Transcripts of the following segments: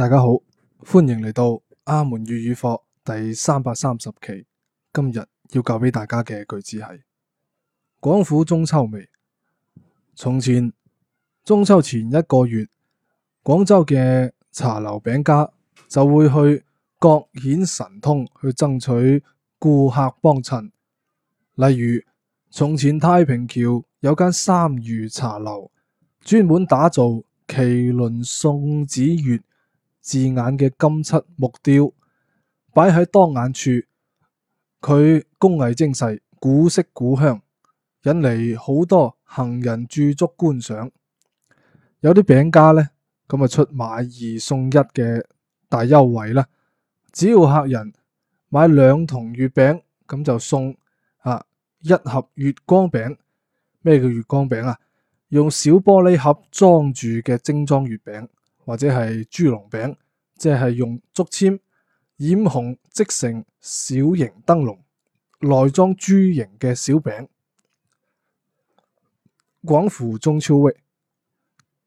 大家好，歡迎嚟到阿門粵語課第三百三十期。今日要教俾大家嘅句子係：廣府中秋味。從前中秋前一個月，廣州嘅茶樓餅家就會去各顯神通去爭取顧客幫襯。例如，從前太平橋有間三如茶樓，專門打造麒麟送子月。字眼嘅金漆木雕擺喺當眼處，佢工藝精細，古色古香，引嚟好多行人駐足觀賞。有啲餅家呢，咁啊出買二送一嘅大優惠啦！只要客人買兩筒月餅，咁就送啊一盒月光餅。咩叫月光餅啊？用小玻璃盒裝住嘅精裝月餅。或者係豬籠餅，即係用竹簽染紅即成小型燈籠，內裝豬形嘅小餅。廣府中秋味，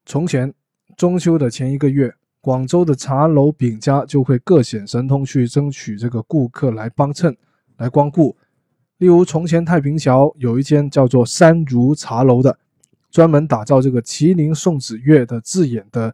從前中秋的前一個月，廣州的茶樓餅家就會各顯神通去爭取這個顧客來幫襯，來光顧。例如從前太平橋有一間叫做三如茶樓的，專門打造這個麒麟送子月的字眼的。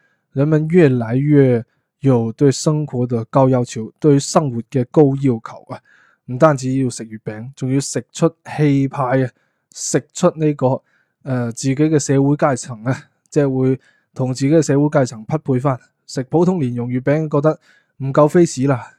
人民越嚟越有對生活嘅高要求，對生活嘅高要求啊！唔單止要食月餅，仲要食出氣派啊！食出呢個誒、呃、自己嘅社會階層啊，即係會同自己嘅社會階層匹配翻。食普通蓮蓉月餅覺得唔夠 face 啦，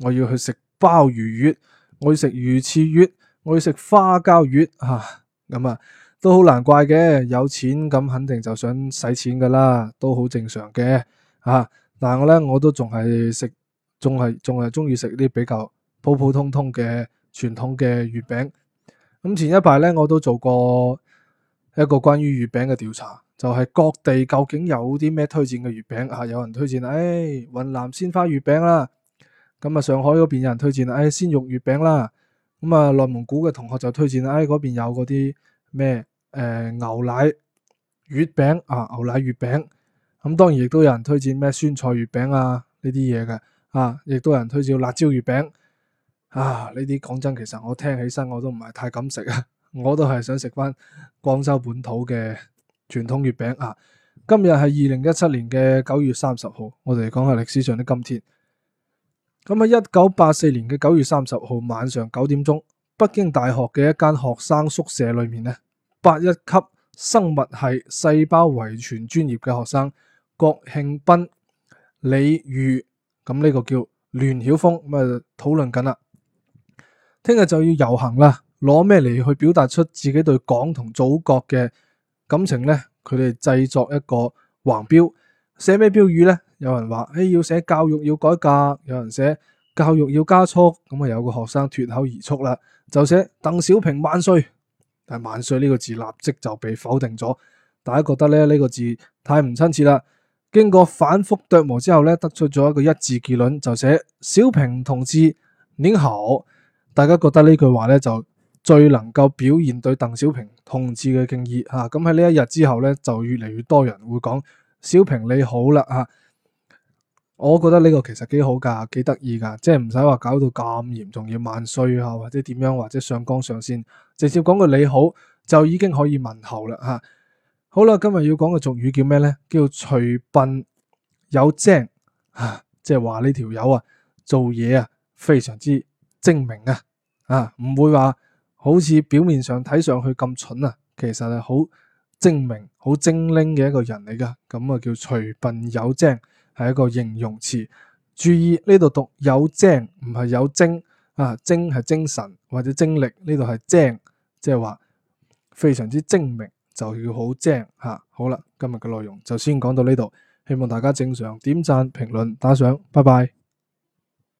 我要去食鮑魚月，我要食魚翅月，我要食花膠月啊咁啊！都好難怪嘅，有錢咁肯定就想使錢噶啦，都好正常嘅啊。但係我咧，我都仲係食，仲係仲係中意食啲比較普普通通嘅傳統嘅月餅。咁、嗯、前一排咧，我都做過一個關於月餅嘅調查，就係、是、各地究竟有啲咩推薦嘅月餅啊？有人推薦，誒、哎，雲南鮮花月餅啦。咁啊，上海嗰邊有人推薦，誒、哎，鮮肉月餅啦。咁啊，內蒙古嘅同學就推薦，誒、哎，嗰邊有嗰啲。咩？誒、呃、牛奶月餅啊，牛奶月餅。咁、啊、當然亦都有人推薦咩酸菜月餅啊呢啲嘢嘅啊，亦都有人推薦辣椒月餅啊。呢啲講真，其實我聽起身我都唔係太敢食啊。我都係想食翻廣州本土嘅傳統月餅啊。今日係二零一七年嘅九月三十號，我哋講下歷史上的今天。咁喺一九八四年嘅九月三十號晚上九點鐘。北京大學嘅一間學生宿舍裏面咧，八一級生物系細胞遺傳專業嘅學生郭慶斌李、李宇，咁呢個叫聯曉峰，咁啊討論緊啦。聽日就要遊行啦，攞咩嚟去表達出自己對港同祖國嘅感情呢？佢哋製作一個橫標，寫咩標語呢？有人話，誒，要寫教育要改革。有人寫。教育要加速，咁啊有個學生脫口而出啦，就寫鄧小平萬歲，但係萬歲呢個字立即就被否定咗。大家覺得咧呢個字太唔親切啦。經過反復琢磨之後咧，得出咗一個一致結論，就寫小平同志您好。大家覺得呢句話咧就最能夠表現對鄧小平同志嘅敬意啊。咁喺呢一日之後咧，就越嚟越多人會講小平你好啦啊。我覺得呢個其實幾好噶，幾得意噶，即係唔使話搞到咁嚴重要萬歲嚇、啊，或者點樣，或者上綱上線，直接講句你好就已經可以問候啦吓、啊，好啦，今日要講嘅俗語叫咩咧？叫除笨有精啊，即係話呢條友啊，做嘢啊非常之精明啊，啊唔會話好似表面上睇上去咁蠢啊，其實係好精明、好精靈嘅一個人嚟噶。咁啊叫除笨有精。係一個形容詞，注意呢度讀有，有精，唔係有精啊，精係精神或者精力，呢度係精，即係話非常之精明，就要好精吓。好啦，今日嘅內容就先講到呢度，希望大家正常點讚、評論、打賞，拜拜。